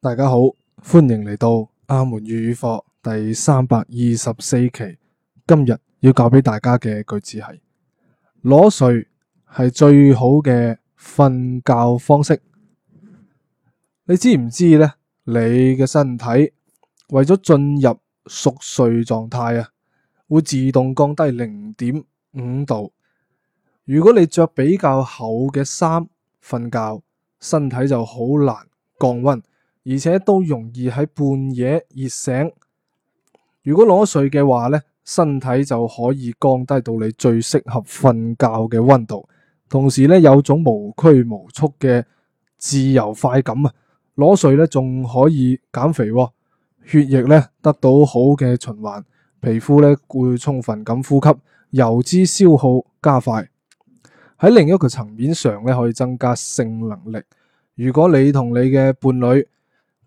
大家好，歡迎嚟到阿門粵語課第三百二十四期。今日要教俾大家嘅句子係：裸睡係最好嘅瞓覺方式。你知唔知呢？你嘅身體為咗進入熟睡狀態啊，會自動降低零點五度。如果你着比較厚嘅衫瞓覺，身體就好難降温。而且都容易喺半夜熱醒。如果裸睡嘅話呢，身體就可以降低到你最適合瞓覺嘅溫度，同時呢，有種無拘無束嘅自由快感啊！裸睡呢，仲可以減肥，血液呢得到好嘅循環，皮膚呢會充分咁呼吸，油脂消耗加快。喺另一個層面上呢，可以增加性能力。如果你同你嘅伴侶，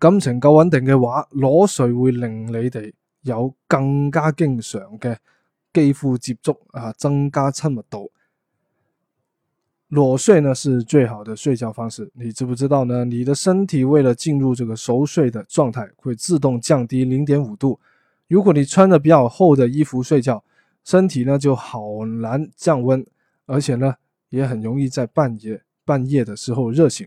感情夠穩定嘅話，裸睡會令你哋有更加經常嘅肌膚接觸啊，增加親密度。裸睡呢，是最好的睡覺方式。你知不知道呢？你的身體為了進入這個熟睡的狀態，會自動降低零點五度。如果你穿得比較厚的衣服睡覺，身體呢就好難降溫，而且呢也很容易在半夜半夜的時候熱醒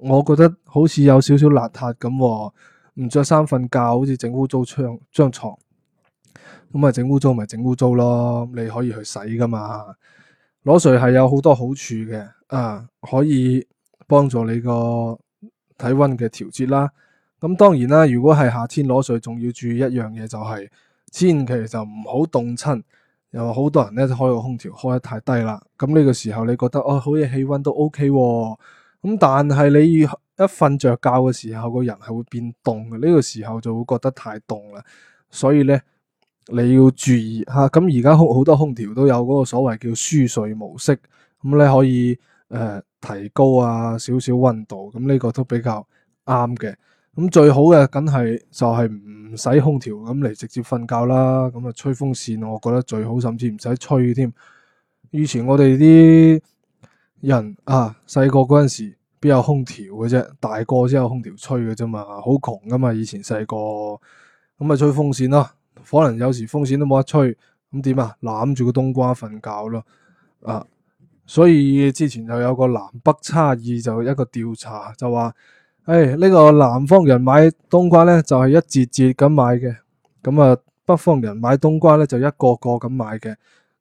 我覺得好似有少少邋遢咁，唔着衫瞓覺，好似整污糟張張床。咁啊，整污糟咪整污糟咯。你可以去洗噶嘛。裸睡係有好多好處嘅，啊，可以幫助你個體溫嘅調節啦。咁當然啦，如果係夏天裸睡，仲要注意一樣嘢就係、是，千祈就唔好凍親。又好多人咧開個空調開得太低啦。咁呢個時候你覺得哦、啊，好嘢，氣溫都 OK、啊。咁但係你一瞓着覺嘅時候，個人係會變凍嘅，呢個時候就會覺得太凍啦。所以咧，你要注意吓。咁而家好多空調都有嗰個所謂叫舒睡模式，咁、嗯、咧可以誒、呃、提高啊少少溫度，咁、嗯、呢個都比較啱嘅。咁、嗯、最好嘅梗係就係唔使空調咁嚟直接瞓覺啦。咁、嗯、啊吹風扇，我覺得最好，甚至唔使吹添。以前我哋啲。人啊，細個嗰陣時邊有空調嘅啫，大個先有空調吹嘅啫嘛，好窮噶嘛，以前細個咁咪吹風扇咯，可能有時風扇都冇得吹，咁點啊攬住個冬瓜瞓覺咯，啊，所以之前就有個南北差異就一個調查就話，誒呢個南方人買冬瓜咧就係一節節咁買嘅，咁啊北方人買冬瓜咧就一個個咁買嘅。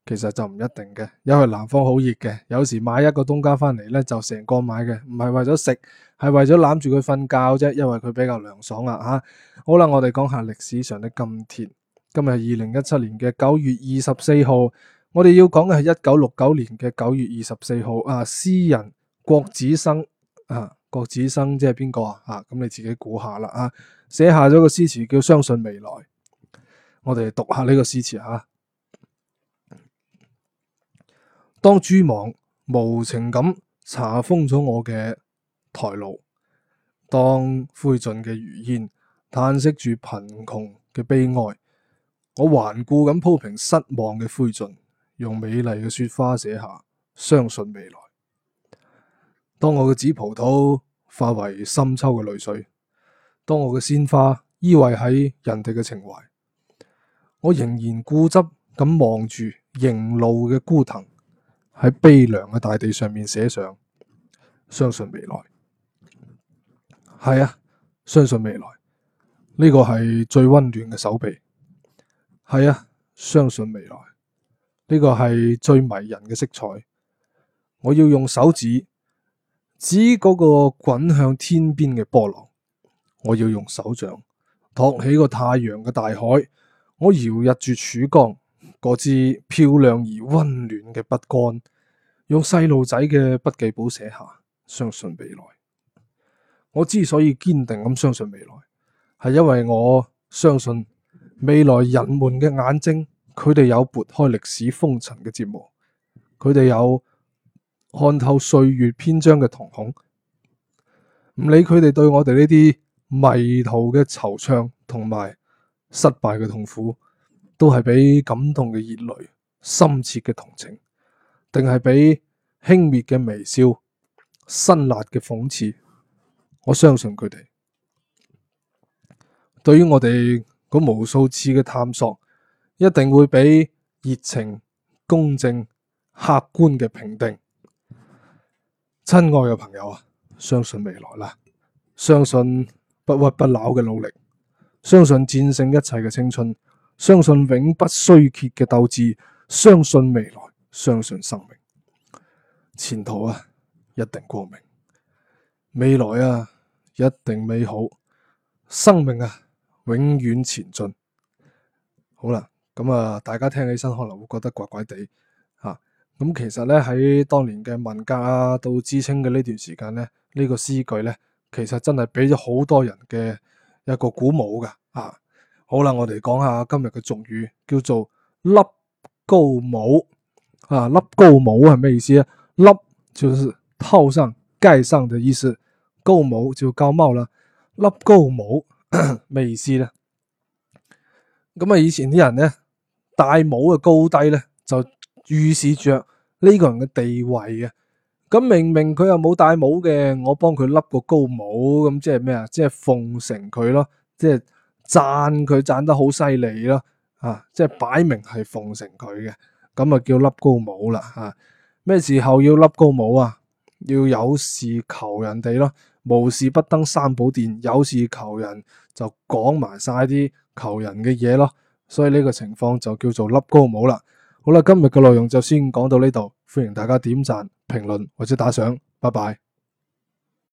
其實就唔一定嘅，因為南方好熱嘅，有時買一個冬瓜翻嚟咧就成個買嘅，唔係為咗食，係為咗攬住佢瞓覺啫，因為佢比較涼爽啊吓。好啦，我哋講下歷史上嘅今天，今日係二零一七年嘅九月二十四號，我哋要講嘅係一九六九年嘅九月二十四號。啊，詩人郭子生，啊，郭子生即係邊個啊？吓、啊，咁你自己估下啦啊，寫下咗個詩詞叫《相信未來》，我哋讀下呢個詩詞吓、啊。當蛛網無情咁查封咗我嘅檯路，當灰燼嘅餘煙嘆息住貧窮嘅悲哀，我頑固咁鋪平失望嘅灰燼，用美麗嘅雪花寫下相信未來。當我嘅紫葡萄化為深秋嘅淚水，當我嘅鮮花依偎喺人哋嘅情懷，我仍然固執咁望住迎露嘅枯藤。喺悲涼嘅大地上面寫上，相信未來。係啊，相信未來。呢個係最溫暖嘅手臂。係啊，相信未來。呢個係最迷人嘅色彩。我要用手指指嗰個滾向天邊嘅波浪。我要用手掌托起個太陽嘅大海。我搖曳住曙光。我知漂亮而温暖嘅筆桿，用細路仔嘅筆記簿寫下，相信未來。我之所以堅定咁相信未來，係因為我相信未來人們嘅眼睛，佢哋有撥開歷史風塵嘅睫毛，佢哋有看透歲月篇章嘅瞳孔。唔理佢哋對我哋呢啲迷途嘅惆悵同埋失敗嘅痛苦。都係俾感動嘅熱淚、深切嘅同情，定係俾輕蔑嘅微笑、辛辣嘅諷刺？我相信佢哋對於我哋嗰無數次嘅探索，一定會俾熱情、公正、客觀嘅評定。親愛嘅朋友啊，相信未來啦，相信不屈不撓嘅努力，相信戰勝一切嘅青春。相信永不衰竭嘅鬥志，相信未來，相信生命，前途啊一定光明，未來啊一定美好，生命啊永遠前進。好啦，咁、嗯、啊，大家聽起身可能會覺得怪怪地啊，咁、嗯、其實咧喺當年嘅文革、啊、到知青嘅呢段時間呢，呢、呢個詩句咧，其實真係俾咗好多人嘅一個鼓舞噶啊。好啦，我哋講下今日嘅俗語，叫做笠高帽啊！笠高帽係咩意思啊？笠就套上、蓋上的意思，高帽就高帽啦。笠高帽咩意思咧？咁、嗯、啊，以前啲人咧戴帽嘅高低咧，就預示着呢個人嘅地位嘅、啊。咁、嗯、明明佢又冇戴帽嘅，我幫佢笠個高帽，咁即係咩啊？即係奉承佢咯，即係。讚佢讚得好犀利咯，啊，即係擺明係奉承佢嘅，咁啊叫笠高帽啦，啊，咩時候要笠高帽啊？要有事求人哋咯，無事不登三寶殿，有事求人就講埋晒啲求人嘅嘢咯，所以呢個情況就叫做笠高帽啦。好啦，今日嘅內容就先講到呢度，歡迎大家點讚、評論或者打賞，拜拜。